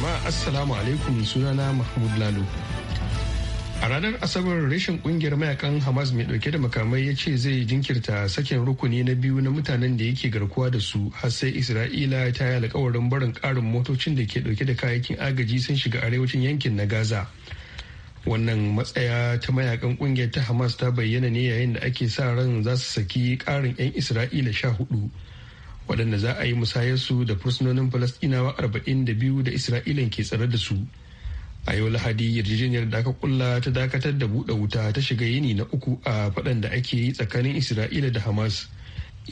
jama'a assalamu alaikum sunana mahmud lalu a ranar asabar rashin kungiyar mayakan hamas mai dauke da makamai ya ce zai jinkirta sakin rukuni na biyu na mutanen da yake garkuwa da su har sai isra'ila ta yi alkawarin barin karin motocin da ke dauke da kayayyakin agaji sun shiga arewacin yankin na gaza wannan matsaya ta mayakan kungiyar ta hamas ta bayyana ne yayin da ake sa ran za su saki karin 'yan isra'ila sha hudu waɗanda za a yi musayarsu da fursunonin falastinawa arba'in da biyu da isra'ilan ke tsare da su a yau lahadi yarjejeniyar da aka kulla ta dakatar da buɗe wuta ta shiga yini na uku a faɗan da ake yi tsakanin isra'ila da hamas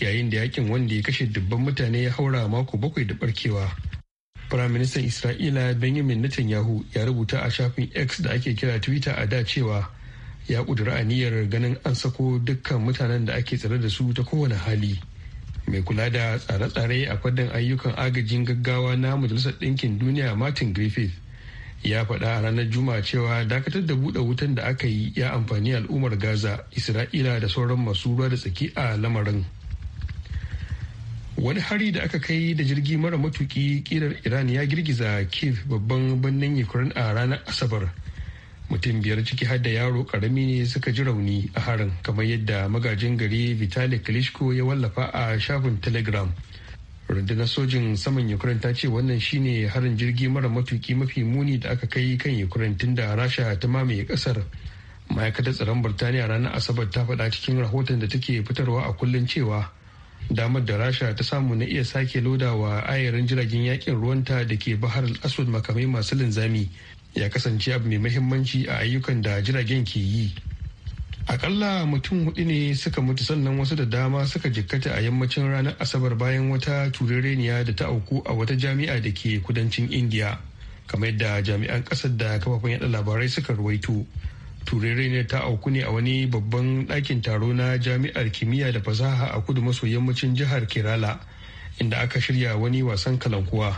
yayin da yakin wanda ya kashe dubban mutane ya haura mako bakwai da barkewa firaministan isra'ila benjamin netanyahu ya rubuta a shafin x da ake kira twitter a da cewa ya kudura aniyar ganin an sako dukkan mutanen da ake tsare da su ta kowane hali mai kula da tsare-tsare a fadin ayyukan agajin gaggawa na majalisar ɗinkin duniya martin griffith ya faɗa a ranar juma'a cewa dakatar da buɗe wutan da aka yi ya amfani al'ummar gaza isra'ila da sauran masu ruwa da tsaki a lamarin wani hari da aka kai da jirgi mara matuki kirar iran ya girgiza kiev babban birnin ukraine a ranar asabar mutum biyar ciki har da yaro karami ne suka ji rauni a harin kamar yadda magajin gari vitali klitschko ya wallafa a shafin telegram rundunar sojin saman ukraine ta ce wannan shine harin jirgi mara matuki mafi muni da aka kai kan ukraine tun da rasha ta mamaye kasar ma'aikatar tsaron birtaniya ranar asabar ta faɗa cikin rahoton da take fitarwa a kullum cewa damar da rasha ta samu na iya sake loda wa ayarin jiragen yakin ruwanta da ke bahar asud makamai masu linzami ya kasance abu mai mahimmanci a ayyukan da jiragen ke yi akalla mutum hudu ne suka mutu sannan wasu da dama suka jikkata a yammacin ranar asabar bayan wata turereniya da ta auku a wata jami'a da ke kudancin indiya kamar yadda jami'an kasar da kafafen yada labarai suka ruwaito turereniyar ta auku ne a wani babban ɗakin taro na jami'ar kimiyya da fasaha a kudu maso yammacin jihar kerala inda aka shirya wani wasan kalankuwa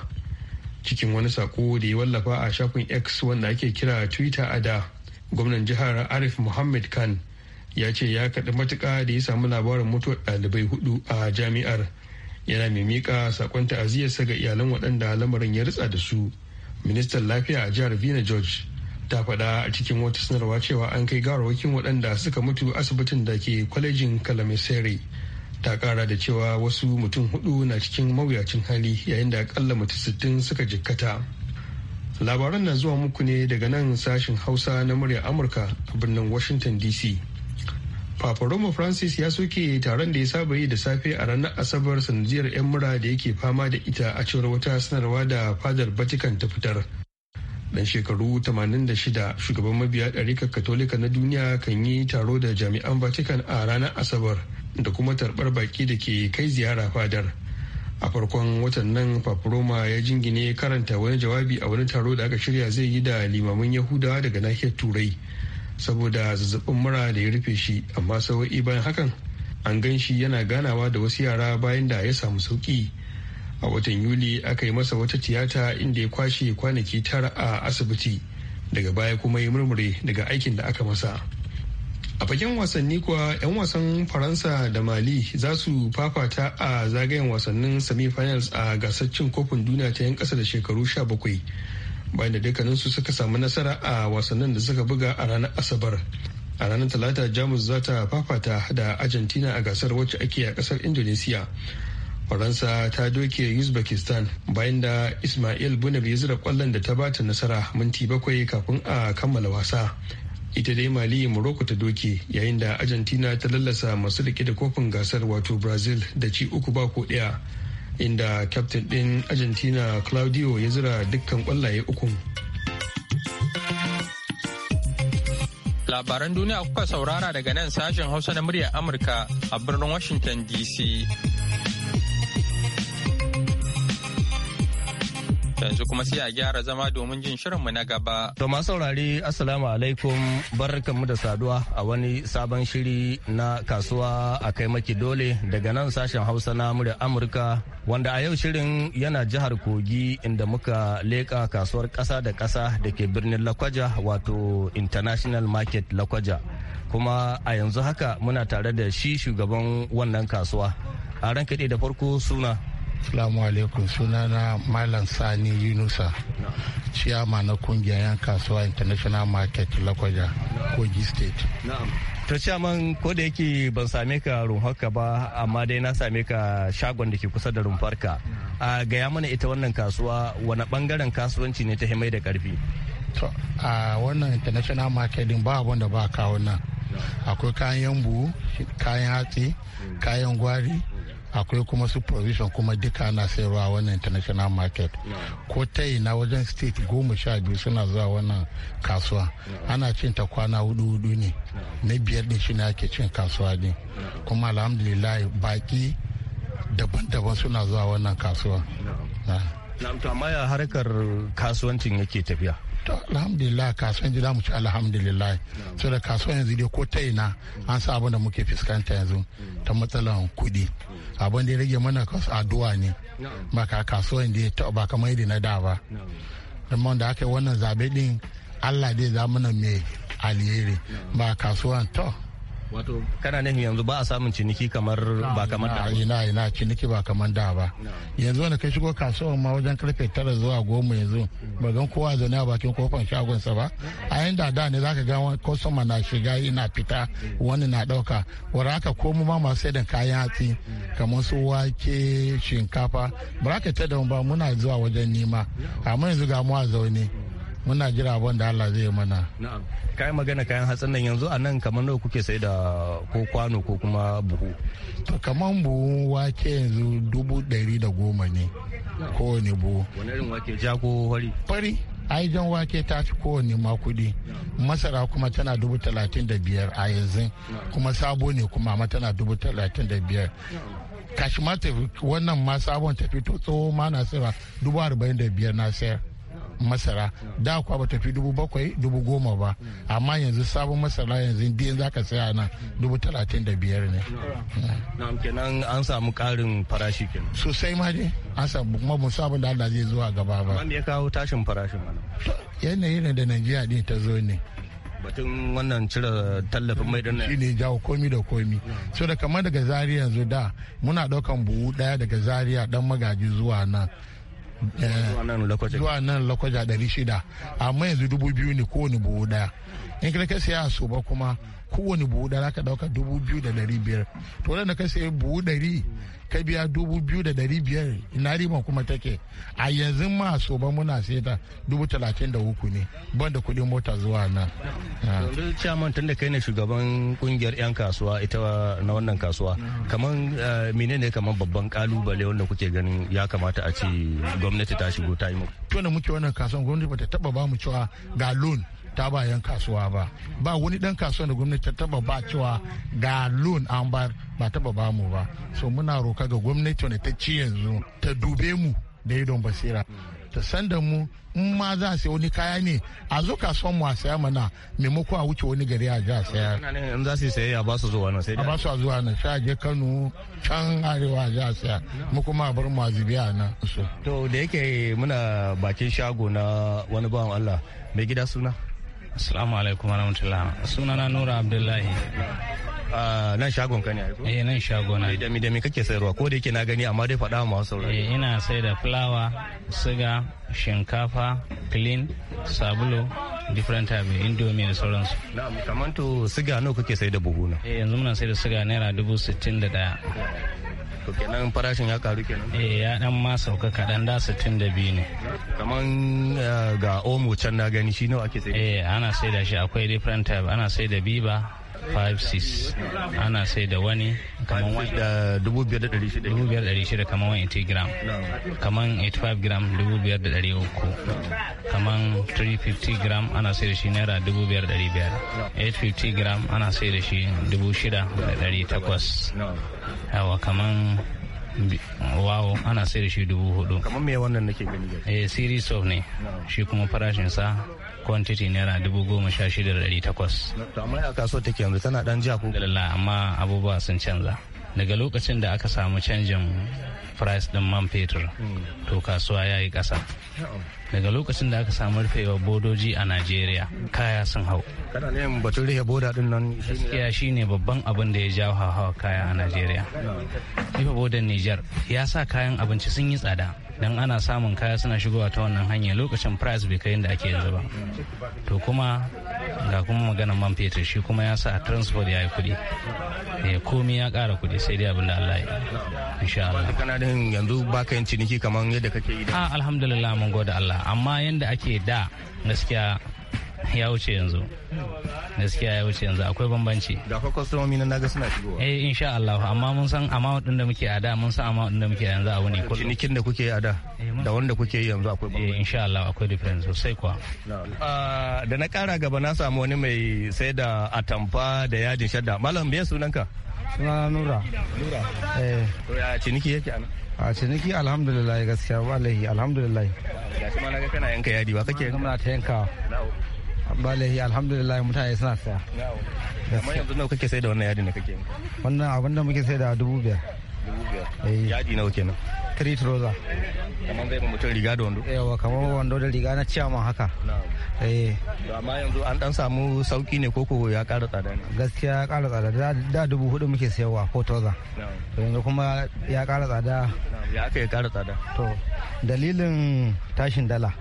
cikin wani sako da ya wallafa a shafin x wanda ake kira twitter a da gwamnan jihar arif muhammad khan ya ce ya kaɗi matuka da ya samu labarin mutuwar ɗalibai hudu a jami'ar yana mai miƙa sakon ta'aziyarsa ga iyalan waɗanda lamarin ya ritsa da su ministan lafiya a jihar vina george ta faɗa a cikin wata sanarwa cewa an kai gawarwakin waɗanda suka mutu asibitin da ke kwalejin kalamisere ta kara da cewa wasu mutum hudu na cikin mawuyacin hali yayin da akalla mutum sittin suka jikkata labaran na zuwa muku ne daga nan sashen hausa na muryar amurka a birnin washington dc papa francis ya soke taron da ya saba yi da safe a ranar asabar sanadiyar 'yan mura da yake fama da ita a cewar wata sanarwa da fadar vatican ta fitar dan shekaru 86 shugaban mabiya ɗarikar katolika na duniya kan yi taro da jami'an vatican a ranar asabar da kuma tarbar baki da ke kai ziyara fadar a farkon watan nan paproma ya jingine karanta wani jawabi a wani taro da aka shirya zai yi da limamin yahudawa daga nahiyar turai saboda zazzabin mura da ya rufe shi amma sawa'i bayan hakan an gan shi yana ganawa da wasu yara bayan da ya samu sauki a watan yuli aka yi masa wata tiyata inda ya kwashe kwanaki tara a asibiti daga baya kuma ya murmure daga aikin da aka masa a fagen wasanni kuwa 'yan wasan faransa da mali za su fafata a zagayen wasannin semifinals a gasar cin kofin duniya ta 'yan kasa da shekaru 17 bayan da dukkaninsu suka samu nasara a wasannin da suka buga a ranar asabar a ranar talata jamus za ta fafata da argentina a gasar wacce ake a kasar indonesia faransa ta doke uzbekistan bayan da ismail bunab ya zira kwallon da ta bata nasara minti bakwai kafin a kammala wasa ita dai mali morocco ta doke yayin da argentina ta lallasa masu rike da kofin gasar wato brazil da ci uku ba ko daya inda kyaftin din argentina claudio ya zira dukkan kwallaye ukun labaran duniya kuka saurara daga nan sashen hausa na muryar amurka a birnin washington dc yanzu kuma sai a gyara zama domin jin shirinmu na gaba. To masu saurari Assalamu alaikum barkanmu da saduwa a wani sabon shiri na kasuwa a kai maki dole daga nan sashen Hausa na murya Amurka wanda a yau shirin yana jihar Kogi inda muka leka kasuwar kasa da kasa da ke birnin Lakwaja wato International Market Lakwaja. Kuma a yanzu haka muna tare da shi shugaban wannan kasuwa. A ran da farko suna. Salamu alaikum sunana Malam Sani Yunusa, ciyama na kungiyar 'yan kasuwa International Market Lakwaja, Kogi State. To ciyaman ko da yake ban same ka rumfarka ba amma dai na same ka shagon da ke kusa da rumfarka. A gaya mana ita wannan kasuwa wani bangaren kasuwanci ne ta himai da karfi. a wannan International Market din ba abin da ba kawo nan. Akwai kayan yambu, kayan hatsi, kayan gwari, akwai kuma su provision kuma duka ana sayarwa wannan international market ko ta ina wajen state goma sha biyu suna zuwa wannan kasuwa ana cin ta kwana hudu hudu ne na biyar din shi ne ake cin kasuwa ne kuma alhamdulillah baki daban-daban suna zuwa wannan kasuwa na amma ya harkar kasuwancin yake tafiya to alhamdulillah kasuwan ji mu ci alhamdulillah so da kasuwan yanzu dai ko ta ina an sa abin da muke fuskanta yanzu ta matsalan kuɗi abin da ya rage mana addu'a ne ba ka kasuwan da ba kamar yadda na da ba amma da aka yi wannan zabe din allah dai za mana mai alheri ba kasuwan to wato kana nan yanzu ba a samun ciniki kamar ba kamar da ina ina ciniki ba kamar da ba yanzu wanda kai shigo kasuwar ma wajen karfe tara zuwa goma yanzu ba gan kowa zaune a bakin kofar sa ba a yin da da ne zaka ga customer na shiga ina fita wani na dauka wara ka ko mu ma sai da kayan hatsi kamar su wake shinkafa ba ka ta da ba muna zuwa wajen nima amma yanzu ga mu a zaune muna jira abin da Allah zai mana Kayan magana kayan hatsin nan yanzu a nan kamar nawa kuke sai da ko kwano ko kuma buhu to kamar buhu wake yanzu dubu ɗari da goma ne kowane buhu wani irin wake ja ko fari fari ai jan wake ta fi kowane makudi masara kuma tana dubu talatin da biyar a yanzu kuma sabo ne kuma ma tana dubu talatin da biyar kashi ma wannan ma sabon ta to tsoho ma na sayarwa dubu arba'in da biyar na sayar masara da kuwa bata fi dubu bakwai dubu goma ba amma yanzu sabon masara yanzu biyan za ka saya na dubu talatin da biyar ne. na'am kenan an samu karin farashi kenan. sosai ma ne an samu kuma mun samu da Allah zai zuwa gaba ba. amma ya kawo tashin farashin wani. yanayi ne da Najeriya din ta zo ne. batun wannan cire tallafin mai dinnan shi ne jawo komi da komi so da kamar daga zaria yanzu da muna daukan buhu daya daga zaria dan magaji zuwa nan zuwa nan lakwaja 600 amma yanzu 2000 ne kowane buhu daya in ka siya a ba kuma kowane buhu da zaka dauka dubu biyu da dari biyar to wadanda ka sayi buhu dari ka biya dubu biyu da dari biyar ina rima kuma take a yanzu ma so ba muna sai ta dubu talatin da uku ne ban da kuɗin mota zuwa nan. yanzu chairman tun da kai ne shugaban kungiyar 'yan kasuwa ita na wannan kasuwa kamar eh, menene kamar babban kalubale wanda kuke ganin ya kamata a ce gwamnati ta shigo ta yi muku. tun da muke wannan kasuwan gwamnati ba ta taba ba mu cewa ga loan ta ba yan kasuwa ba ba wani dan kasuwa da gwamnati ta taba ba cewa ga loan an ba ba taba ba mu ba so muna roka ga gwamnati ne ta ci yanzu ta dube mu da idon basira ta da mu in ma za a sayi wani kaya ne a zo kasuwan mu a saya mana maimako a wuce wani gari a ja a saya in za su saye a ba su zuwa nan sai a ba su zuwa nan a je Kano can arewa a ja a saya mu kuma a bar mu a zubi a na. to da yake muna bakin shago na wani bawan Allah mai gida suna Assalamu alaikum warahmatullah. Sunana Nura Abdullahi. Ah, nan shagon ka ne aiko? Eh nan shago na. Dami-dami me kake sayarwa ko da yake na gani amma dai faɗa ma wasu sauraro. Eh ina sai da fulawa, siga, shinkafa, clean, sabulu, different type indomie da sauransu. Na'am kaman to siga nawa kake sai da buhu na? Eh yanzu muna sai da siga naira dubu sittin da ɗaya. to kenan farashin ya karu kenan eh ya dan ma sauka kadan da biyu ne kaman eh, ga omo can na gani shi nawa ake sai eh ana sai da shi akwai different type ana sai da biba 5-6 ana sai da wani kamar wani 5,600 kamar wani gram kamar 85 gram 5,300 kamar 350 gram ana sai da shi naira 5,500 850 gram ana sai da shi 6,800 yawa kamar wawo ana sai da shi dubu hudu kamar me wannan nake gani eh series of ne shi kuma farashin sa kwantiti naira dubu goma sha shida da ɗari takwas. amma a kaso take yanzu tana ɗan jiya ko? Dalila amma abubuwa sun canza. Daga lokacin da aka samu canjin price din man fetur hmm. to kasuwa ya yi ƙasa. Daga lokacin da aka samu rufewa bodoji a Najeriya kaya sun hau. Kana ne batun rufe boda ɗin nan? Gaskiya shi ne babban abin da ya jawo hawa kaya a Najeriya. Rufe bodan Nijar ya sa kayan abinci sun yi tsada. dan ana samun kaya suna shigowa ta wannan hanya lokacin price bai kai yadda ake yanzu ba to kuma ga kuma maganar man fetur shi kuma ya sa transport ya yi kuɗi eh, komi ya kara kuɗi sai dai abin da Allah ya yi insha Allah kana din yanzu baka yin ciniki kamar yadda kake yi da ah, alhamdulillah mun gode Allah amma yanda ake da gaskiya ya wuce yanzu gaskiya ya wuce yanzu akwai bambanci da akwai kwastomomi na naga suna shigowa eh insha Allah amma mun san amount din da muke a da mun san amount din da muke yanzu a wuni kullum cinikin da kuke a da eh, da wanda kuke yi yanzu akwai eh, bambanci eh insha Allah akwai difference sosai kuwa ah, da na kara gaba na samu wani mai sai da atamfa da yajin shadda malam me sunanka suna nura nura eh to ya ciniki yake anan a ciniki alhamdulillah gaskiya wallahi alhamdulillah gashi ma naga kana yanka yadi ba kake kuma ta yanka balahi alhamdulillah mutane suna saya amma yanzu nawa kake sai da wannan yadi ne kake wannan a da muke sai da dubu biyar dubu biyar eh. yadi nawa kenan three trouser kamar zai mutum riga da wando yawa kamar wando da riga na ciyama haka eh amma yanzu an dan samu sauki ne koko ya ƙara tsada ne gaskiya ya ƙara tsada da dubu hudu muke sayarwa ko trouser to yanzu kuma ya ƙara tsada ya aka ya ƙara tsada to dalilin tashin dala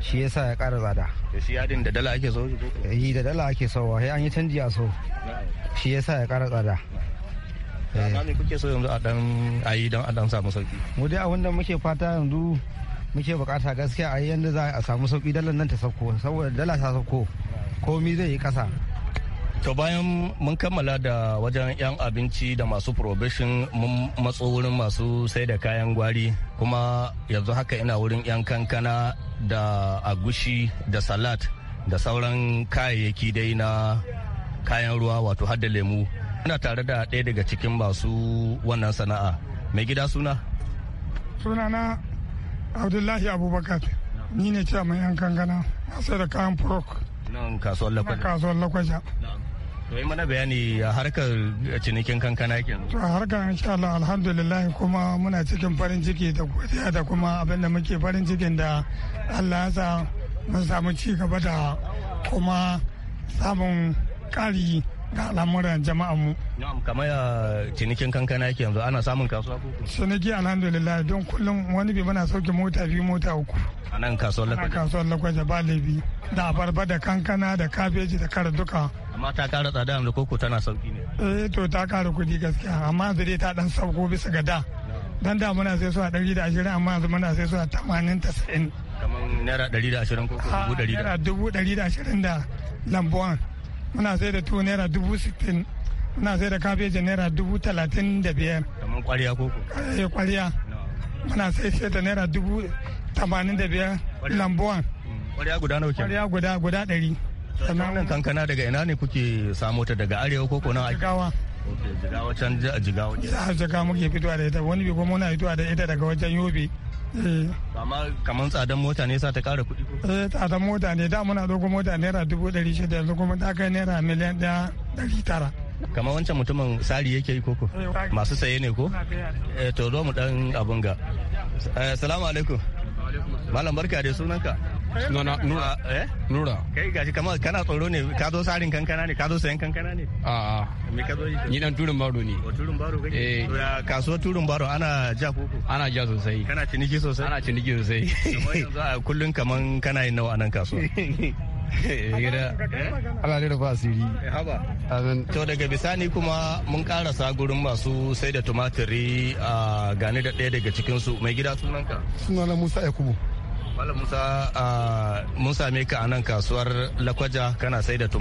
shi yasa ya ƙara tsada shi yadin da dala ake so yi eh, da dala ake so wa an yi canji a so shi yasa ya ƙara tsada amma eh. me kuke so yanzu a dan yi don a dan samu sauki mu dai abin da muke fata yanzu muke bukata gaskiya a yanda za a samu sauki dalar nan ta sauko saboda dala ta sauko komi zai yi kasa To bayan mun kammala da wajen 'yan abinci da masu probation mun matso wurin masu sai da kayan gwari kuma yanzu haka ina wurin 'yan kankana da agushi da salat da sauran kayayyaki dai na kayan ruwa wato hadda lemu. Ina tare da ɗaya daga cikin masu wannan sana'a. Mai gida suna? Sunana Abdullahi Abubakar. Ni ne ce mai 'yan kankana masu da kayan prok. Nan kasuwar lakwaja. Kasuwar lakwaja. To yi mana bayani a harkar cinikin kankana kenan. To a harkar insha Allah alhamdulillah kuma muna cikin farin ciki da godiya da kuma abin da muke farin cikin da Allah ya sa mun samu ci gaba da kuma samun ƙari ga al'amuran mu. Na'am kamar ya cinikin kankana ke yanzu ana samun kasuwa ko Ciniki alhamdulillah don kullum wani bi muna sauke mota biyu mota uku. A nan kasuwar lakwaje. A kasuwar lakwaje ba laifi da abarba da kankana da kabeji da kara duka. amma ta kara tsada da koko tana sauki ne eh to ta kara kudi gaskiya amma yanzu dai ta dan sauko bisa ga da dan da muna sai su a ɗari da ashirin amma yanzu muna sai su a tamanin 90 kamar naira ɗari da ashirin ko dubu ɗari da dubu ɗari da ashirin da lambuwan muna sai da tuwo naira dubu sittin muna sai da kabeji naira dubu talatin da biyar kamar kwariya koko. ko kwariya eh, muna sai sai da naira dubu tamanin da biyar lambuwan kwariya mm, guda nawa kwariya guda guda ɗari wannan kankana daga ina ne kuke samo ta daga arewa ko ko nan jigawa jigawa can jigawa a jigawa muke fitowa da ita wani bai kuma muna fitowa da ita daga wajen yobe eh. amma kamar tsadan mota ne sa ta kara kuɗi ko eh tsadan mota ne da muna dogo mota naira dubu ɗari shida yanzu kuma ta kai naira miliyan ɗaya ɗari tara kamar wancan mutumin sari yake yi koko eh, masu saye ne ko eh, to zo mu dan abun ga salamu alaikum malam barka da sunanka Nuna. Nura. Ah, eh? Nura. Kai gashi kamar kana tsoro ne ka zo sarin kankana ne ka zo sayan kankana ne. A ah, ah. Me ka zo yi? Ni dan turin baro ne. O oh, turin baro kake? Eh. Kasuwar turin baro ana ja koko. Ana ja sosai. Kana ciniki sosai? Ana ciniki sosai. Kamar yanzu a kullun kaman kana yin nawa a nan kasuwa. hira eh, eh? ana da ba asiri to daga bisani kuma mun karasa gurin masu sai da tumatiri a gane da ɗaya daga cikin su mai gida sunanka sunana musa yakubu Malam Musa mun same ka a nan kasuwar Lakwaja kana sai da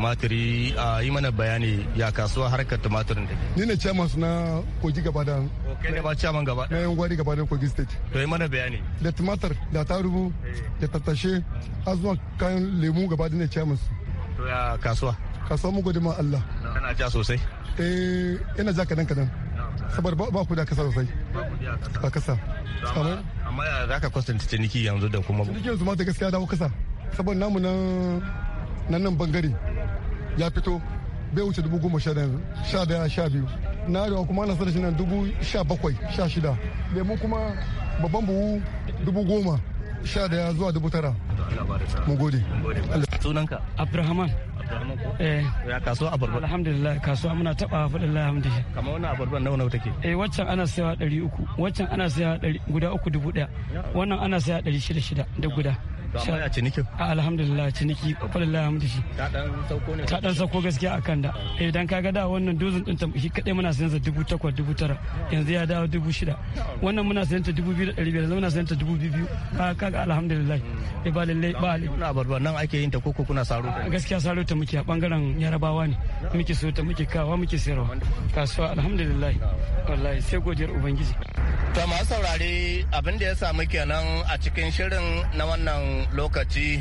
a yi mana bayani ya kasuwa harkar tumaturin da Ni ne chairman na Kogi gaba da Kai ne ba chairman gaba da. Na yan gwari gaba da Kogi state. To yi mana bayani. Da tumatir da tarubu da tattashe har zuwa kayan lemu gaba da ne chairman. To ya kasuwa. Kasuwa mu gode ma Allah. Kana ja sosai. Eh ina ja kadan kadan. Sabar ba ku da kasa sosai. a kasa amma ya za ka kwatanta ciniki yanzu da kuma ciniki yanzu ma da gaskiya dawo kasa saboda namu nan nan bangare ya fito bai wuce dubu goma sha sha daya sha biyu na arewa kuma ana sada shi nan dubu sha bakwai sha shida lemu kuma babban buhu dubu goma sha daya zuwa dubu tara mu gode sunanka abrahaman eh ya kasuwa abarba alhamdulillah kasuwa muna taba fadin alhamdi kamar wannan abarban nawa nawa take eh waccan ana sayawa 300 waccan ana sayawa guda 3000 wannan ana sayawa 600 da guda To amma cinikin? Alhamdulillah ciniki falillah hamdu shi. Ta dan sauko ne. Ta dan sauko gaskiya akan da. Eh dan kaga da wannan dozin din shi kadai muna sayan sa dubu takwas dubu tara yanzu ya dawo dubu shida. Wannan muna sayan ta dubu biyu da ɗari biyar yanzu muna sayan ta dubu biyu biyu. Kaga alhamdulillah. Eh ba lallai ba lallai. Kuna barbar nan ake yin ta koko kuna saro ta. Gaskiya saro ta muke a bangaren yarabawa ne. Muke so ta muke kawa muke sayarwa. Kasuwa alhamdulillah. Wallahi sai godiyar Ubangiji. To masu saurare abin da ya samu kenan a cikin shirin na wannan lokaci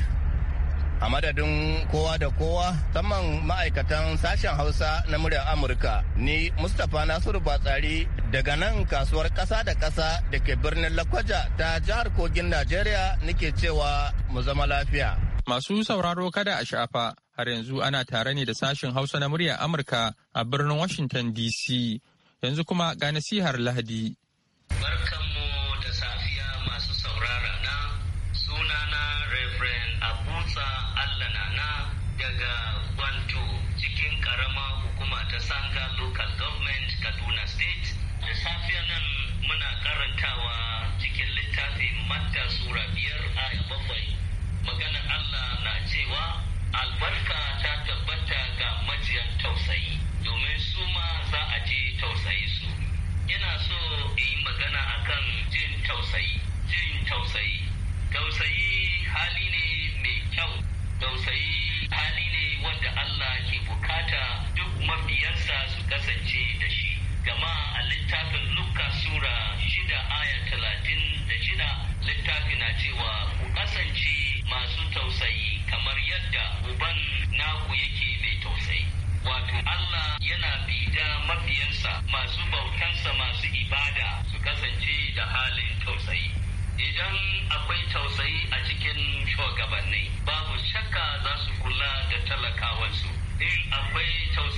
a madadin kowa da kowa musamman ma'aikatan sashen hausa na muryar amurka ni mustapha nasiru batsari daga nan kasuwar ƙasa da ƙasa da ke birnin lakwaja ta jihar kogin najeriya nake cewa mu zama lafiya masu sauraro kada a shafa har yanzu ana tare ne da sashen hausa na muryar amurka a birnin washington dc yanzu kuma ga nasihar lahadi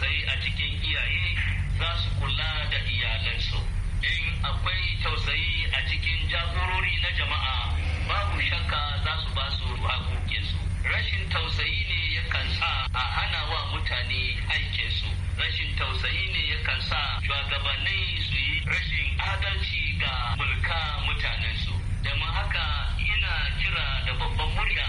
tausayi a cikin iyaye za su kula da iyalansu in akwai tausayi a cikin jagorori na jama'a babu shakka za su ba su hakokinsu rashin tausayi ne yakan sa a hana wa mutane aikinsu rashin tausayi ne yakan sa shugabanni su yi rashin adalci ga mulka mutanensu da haka ina kira da babban murya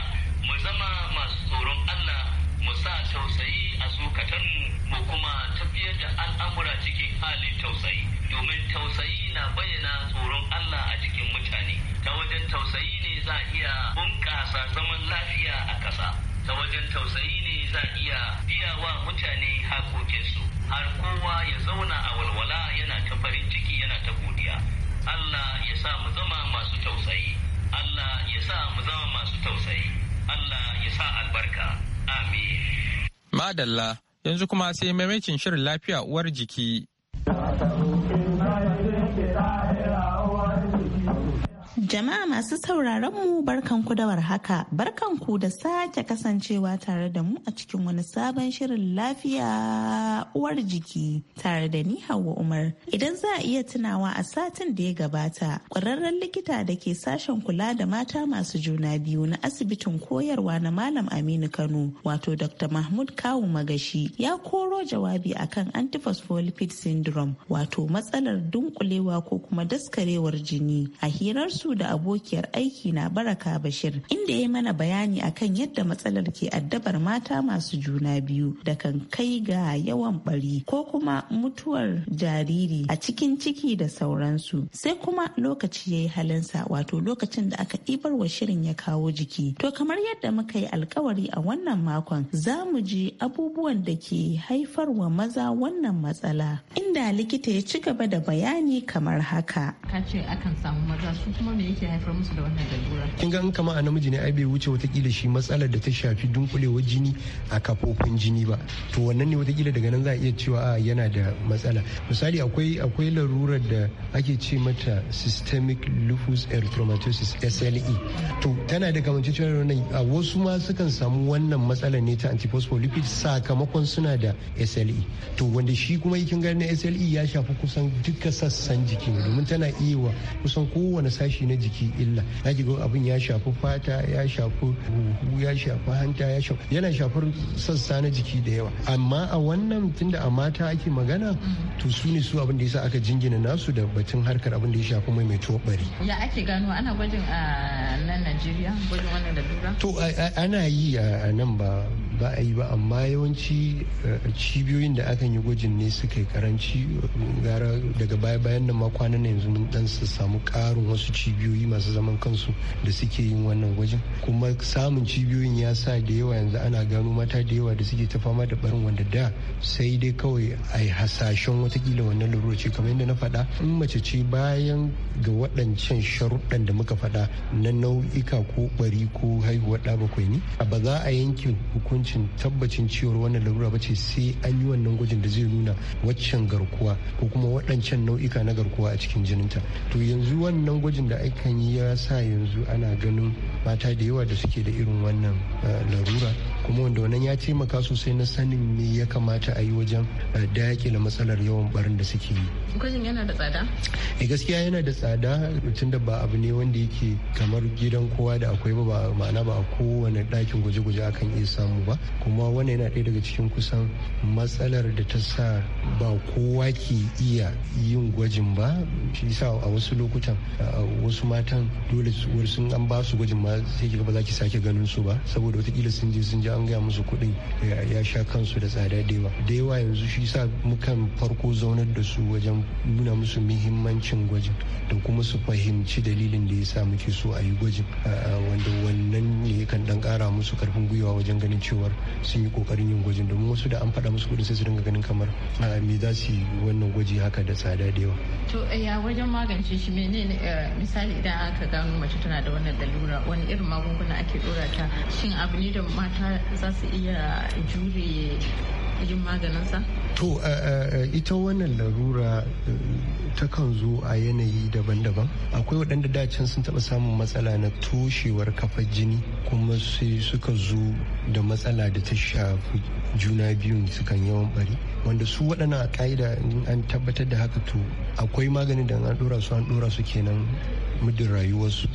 mu zama masu tsoron allah mu sa tausayi a zukatanmu Ko kuma tafiyar da al'amura cikin halin tausayi domin tausayi na bayyana tsoron Allah a cikin mutane ta wajen tausayi ne za a iya bunƙasa zaman lafiya a ƙasa ta wajen tausayi ne za a iya biya wa mutane hakokinsu har kowa ya zauna a walwala yana ta farin ciki yana ta godiya Allah ya sa mu zama masu tausayi Allah ya sa mu zama masu tausayi Allah ya sa albarka amin madalla Yanzu kuma sai maimakin shirin lafiya uwar jiki. Jama'a masu sauraron mu barkanku da warhaka, ku da sake kasancewa tare da mu a cikin wani sabon shirin lafiya uwar jiki tare da ni Hauwa Umar. Idan za a iya tunawa a satin da ya gabata, ƙwararren likita da ke sashen kula da mata masu juna biyu na asibitin koyarwa na Malam Aminu Kano, wato Dr. Mahmud Kawu Magashi, ya koro jawabi akan antiphospholipid syndrome, wato matsalar dunkulewa ko kuma daskarewar jini a hirar su. da abokiyar aiki na Baraka Bashir inda ya mana bayani akan yadda matsalar ke addabar mata masu juna biyu da kan kai ga yawan bari ko kuma mutuwar jariri a cikin ciki da sauransu. Sai kuma lokaci ya yi halinsa wato lokacin da aka ɗibar wa shirin ya kawo jiki. To kamar yadda muka yi alkawari a wannan makon za mu ji abubuwan da ke haifar wa maza wannan matsala. in inda likita ya ci gaba da bayani kamar haka. Ka ce akan samu maza su kuma me yake haifar musu da wannan lalura? Kin ga in kama a namiji ne ai bai wuce watakila shi matsalar da ta shafi dunkulewar jini a kafofin jini ba. To wannan ne watakila daga nan za a iya cewa a yana da matsala. Misali akwai akwai larurar da ake ce mata systemic lupus erythematosus SLE. To tana da cewa wannan a wasu ma sukan samu wannan matsalar ne ta antiphospholipid sakamakon suna da SLE. To wanda shi kuma yakin gani sle ya shafi kusan duka sassan jiki ne domin tana iya wa kusan kowane sashi na jiki illa na ji abin ya shafi fata ya shafi huhu ya shafi hanta ya shafi yana shafar sassa na jiki da yawa amma a wannan tunda a mata ake magana to su ne su abin da yasa aka jingina nasu da batun harkar abin da ya shafi maimaito bari ya ake gano ana gwajin a ah, nan Najeriya gwajin wannan da to ana yi a nan ba ba a yi ba amma yawanci eh, cibiyoyin da akan yi gwajin ne suka yi karanci gara daga baya bayan nan ma kwanan yanzu mun dan su samu karin wasu cibiyoyi masu zaman kansu da suke yin wannan gwajin kuma samun cibiyoyin ya sa da yawa yanzu ana gano mata da yawa da suke ta fama da barin wanda da sai dai kawai a yi hasashen watakila wannan lura ce kamar yadda na faɗa in mace ce bayan ga waɗancan sharuɗan da muka faɗa na nau'ika ko bari ko haihuwar ɗa bakwai ne a ba za a yanke hukunci tabbacin tabbacin cewar wannan larura ba ce sai an yi wannan gwajin da zai nuna waccan garkuwa ko kuma waɗancan nau'ika na garkuwa a cikin jininta to yanzu wannan gwajin da akan yi ya sa yanzu ana ganin mata da yawa da suke da irin wannan eh, larura kuma wanda wannan ya taimaka sosai na sanin me ya kamata a yi wajen dakile matsalar yawan barin da suke yi gwajin yana da tsada eh, gaskiya yana da tsada da ba abu ne wanda yake kamar gidan kowa da akwai ba ma'ana ba a kowane ɗakin gwaje-gwaje akan iya samu ba kuma wannan yana ɗaya daga cikin kusan matsalar da ta sa ba kowa ke iya yin gwajin ba shi yasa a wasu lokutan wasu matan dole sun an ba su gwajin ma sai ki ba za ki sake ganin su ba saboda wataƙila sun je sun je an gaya musu kuɗin ya sha kansu da tsada da yawa da yawa yanzu shi sa mukan farko zaunar da su wajen nuna musu muhimmancin gwajin da kuma su fahimci dalilin da ya sa muke so a yi gwajin wanda wannan ne kan dan kara musu karfin gwiwa wajen ganin cewar sun yi kokarin yin gwajin domin wasu da an faɗa musu kuɗin sai su dinga ganin kamar me za su yi wannan gwaji haka da tsada da yawa. to eh, ya wajen magance shi menene eh, misali idan aka gano mace tana da wannan lalura wani irin magunguna ake ɗora ta shin abu ne da mata za su iya jure yin maganinsa? To, eh, eh, ita wannan larura eh, takan zo a yanayi daban-daban. Akwai waɗanda dacin sun taɓa samun matsala na toshewar kafar jini kuma sai suka zo da matsala da ta shafi juna biyun sukan yawan bari. Wanda su waɗannan a ƙa'ida an tabbatar da haka to akwai maganin da an ɗora su an ɗora su kenan muddin rayuwarsu.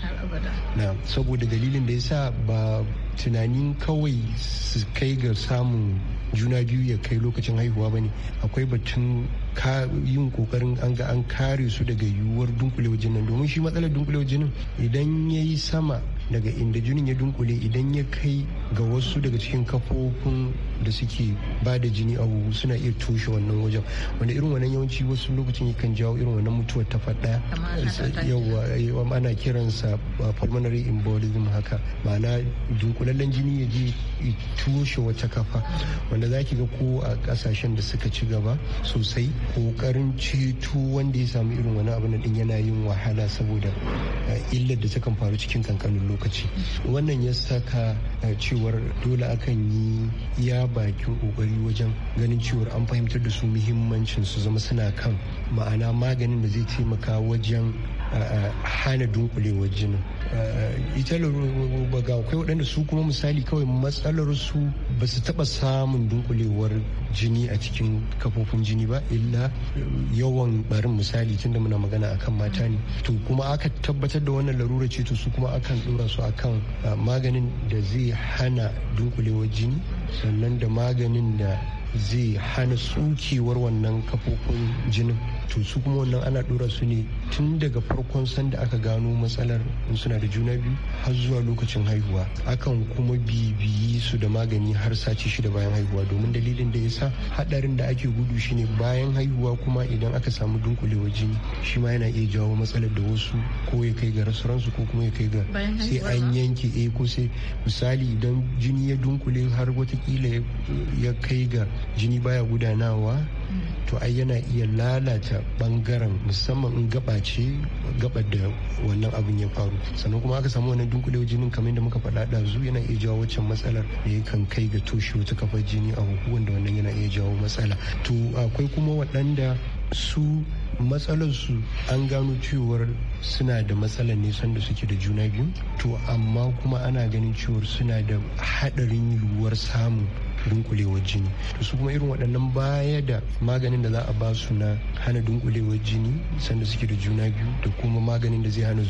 Na saboda dalilin da ya sa ba tunanin kawai su kai ga samun juna biyu ya kai lokacin haihuwa ba ne akwai batun yin kokarin an ga an kare su daga yiwuwar wajen jinin domin shi matsalar wajen jinin idan ya yi sama daga inda jinin ya dunkule idan ya kai ga wasu daga cikin kafofin da suke ba da jini a suna iya toshe wannan wajen wanda irin wannan yawanci wasu lokacin yakan jawo irin wannan mutuwar ta faɗa yawa eh, ana kiransa uh, pulmonary embolism haka ma'ana dunkulallen jini ya je toshe wata kafa wanda za ki ga ko a kasashen da suka ci gaba sosai kokarin ceto wanda ya samu irin wani na din yana yin wahala saboda uh, illar da takan faru cikin kankanin lokaci wannan ya saka cewar dole akan yi ya bakin kokari wajen ganin cewar an fahimtar da su muhimmancin su zama suna kan ma'ana maganin da zai taimaka wajen hana dunkulewar jinin ita ga akwai waɗanda su kuma misali kawai matsalar su ba su taɓa samun dunkulewar jini a cikin kafofin jini ba illa yawan barin misali tunda muna magana akan mata ne to kuma aka tabbatar da wannan larura ce to su kuma akan ɗora su akan ah, maganin da zai hana dunkulewar jini sannan da maganin da zai hana tsukewar wannan kafofin jinin to su kuma wannan ana dora su ne tun daga farkon sanda aka gano matsalar in suna da juna biyu har zuwa lokacin haihuwa akan kuma bibiyi su da magani har sati shida bayan haihuwa domin dalilin da yasa haɗarin da ake gudu shine bayan haihuwa kuma idan aka samu dunkulewa jini shi ma yana iya jawo matsalar da wasu ko ya kai ga rasuransu ko kuma ya kai ga sai an yanke eh ko sai misali idan jini ya dunkule har watakila ya kai ga jini baya gudanawa to ai yana iya lalata bangaren musamman in gaba ce gaba da wannan abin ya faru sannan kuma aka samu wannan dunkule jinin kamar yadda muka faɗa zu yana iya jawo waccan matsalar da ya kan kai ga toshe wata kafar jini a hukuwan da wannan yana iya jawo matsala to akwai kuma waɗanda su su an gano cewar suna da matsalar ne sanda suke da juna biyu to amma kuma ana ganin cewar suna da haɗarin yiwuwar samun dunkulewar jini to su kuma irin waɗannan baya da maganin da za a ba su na hana dunkulewar jini sanda suke da juna biyu da kuma maganin da zai hana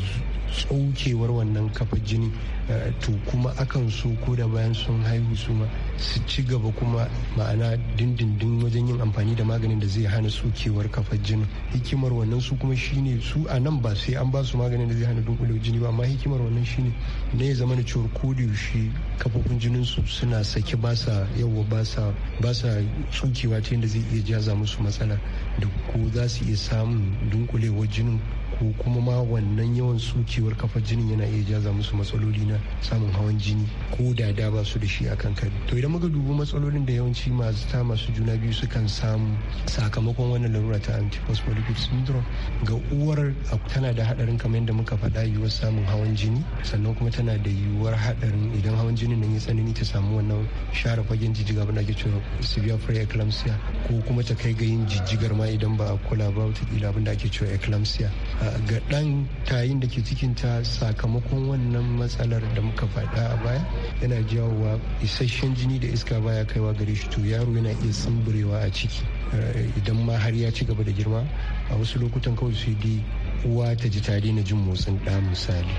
tsaukewar wannan kafa jini eh, to kuma akan so ko da bayan sun haihu su ma su ci gaba kuma ma'ana dindindin wajen yin amfani da maganin da zai hana tsukewar kafa jini hikimar wannan su kuma shine su a nan ba sai an ba su maganin da zai hana dunkule jini ba amma hikimar wannan shine ne ya zama da cewar ko da yaushe kafofin jinin su suna saki ba sa yawa ba sa ba sa tsukewa ta yadda zai iya jaza musu matsala da ko za su iya samun dunkulewar jinin ko kuma ma wannan yawan sukewar kafa jinin yana iya jaza musu matsaloli na samun hawan jini ko da da ba su da shi akan kari to idan muka dubi matsalolin da yawanci masu ta masu juna biyu sukan samu sakamakon wannan larura ta antiphospholipid syndrome ga uwar tana da hadarin kamar yadda muka faɗa yiwuwar samun hawan jini sannan kuma tana da yiwuwar hadarin idan hawan jini na yi tsanani ta samu wannan share fagen jijjiga abin da ake cewa severe preeclampsia ko kuma ta kai ga yin jijigar ma idan ba a kula ba wata abin da ake cewa eclampsia ga ɗan tayin da ke cikin ta sakamakon wannan matsalar da muka faɗa a baya yana jawowa isasshen jini da iska baya kaiwa gare shi to yaro yana iya sumburewa a ciki eh, idan ma har ya ci gaba da girma a wasu lokutan kawai sai dai uwa ta ji ta daina jin motsin ɗa misali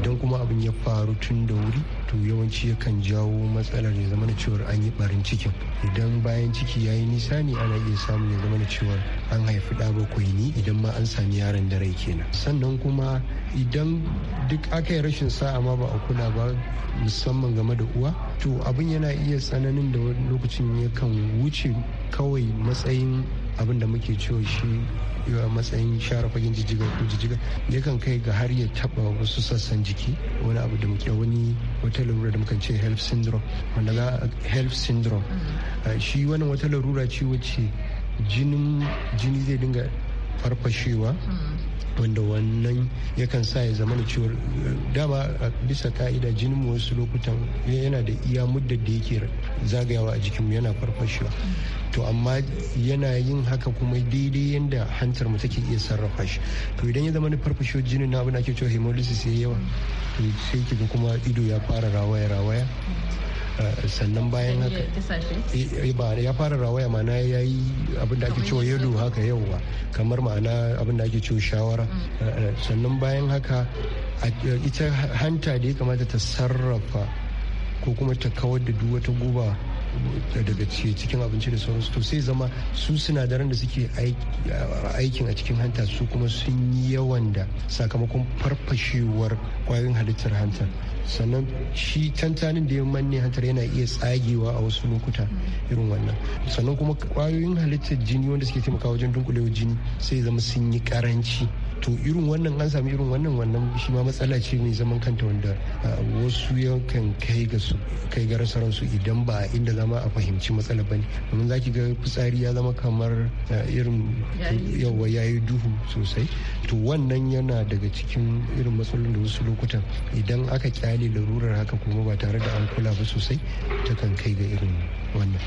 idan kuma abin ya faru tun da wuri to yawanci yakan jawo matsalar ya zama na cewar an yi barin cikin idan bayan ciki ya yi nisa ne ana iya samun ya zama na cewar an haifi ɗa bakwai ni idan ma an sami yaron da rai kenan sannan kuma idan duk aka yi rashin sa'a ma ba a kula ba musamman game da uwa to abin yana iya tsananin da lokacin yakan wuce kawai matsayin abin da muke cewa shi a matsayin share fagen jijjiga ko jijjiga da kan kai ga har ya taba wasu sassan jiki wani abu da muke wani wata larura da muka ce health syndrome wanda ga health syndrome mm-hmm. shi wani wata larura ce wacce jinin jini zai dinga farfashewa mm-hmm. wanda wannan yakan sa ya zama cewar eh, dama a eh, bisa ka'ida jinin mu wasu lokutan yana da iya muddar da yake zagayawa a jikinmu yana farfashewa to amma yana yin haka kuma daidai yadda hantar mu take iya sarrafa shi to idan ya zama farfashewar jinin na abin ake cewa hemolysis ya yawa to sai kiga kuma ido ya fara rawaya rawaya Eh, sannan bayan haka ya fara rawaya ma'ana ya yi abin da ake cewa yadu haka yauwa kamar ma'ana abin da ake cewa shawara mm. eh, eh, sannan bayan haka ita hanta da ya kamata ta sarrafa ko kuma ta kawar da duk wata guba daga cikin abinci da sauransu to sai zama su sinadaran da suke aikin a cikin hanta su kuma sun yi yawan da sakamakon farfashewar kwayoyin halittar hanta sannan shi tantanin da ya manne hantar yana iya tsagewa a wasu lokuta irin wannan sannan kuma kwayoyin halittar jini wanda suke taimakawa wajen dunkulewa jini sai zama sun yi karanci to irin wannan an sami irin wannan wannan shi ma matsala ce mai zaman kanta wanda wasu yankan kai ga su kai ga ransu idan ba inda zama a fahimci matsala ba ne domin zaki ga fitsari ya zama kamar irin yawa yayi duhu sosai to wannan yana daga cikin irin matsalolin da wasu lokutan idan aka kyale larurar haka kuma ba tare da an kula ba sosai ta kan kai ga irin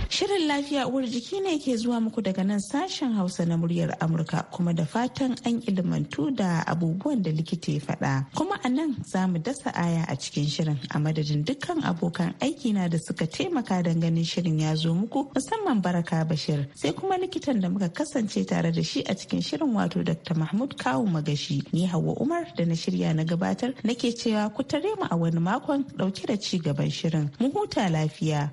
Shirin lafiya uwar jiki ne ke zuwa muku daga nan sashen Hausa na muryar Amurka kuma da fatan an ilmantu da abubuwan da likita ya faɗa. Kuma a nan za mu dasa aya a cikin shirin a madadin dukkan abokan aiki na da suka taimaka don ganin shirin ya zo muku musamman Baraka Bashir sai kuma likitan da muka kasance tare da shi a cikin shirin wato Dr. Mahmud Kawu Magashi ni Hauwa Umar da na shirya na gabatar nake cewa ku tare mu a wani makon ɗauke da ci gaban shirin. Mu huta lafiya.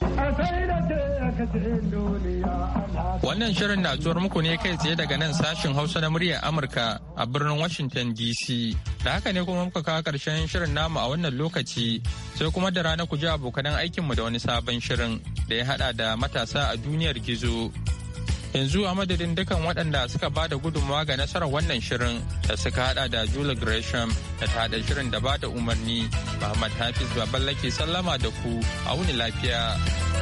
Wannan shirin na zuwar muku ne kai tsaye daga nan sashen Hausa na muryar Amurka a birnin Washington DC. Da haka ne kuma muka kawo karshen shirin namu a wannan lokaci sai kuma da rana ku ji abokanan aikinmu da wani sabon shirin da ya hada da matasa a duniyar gizo. Yanzu a madadin dukan waɗanda suka ba da gudunmawa ga nasarar wannan shirin da suka hada da Jula Gresham da ta hada shirin da ba da umarni Muhammad Hafiz Baballake sallama da ku a wuni lafiya.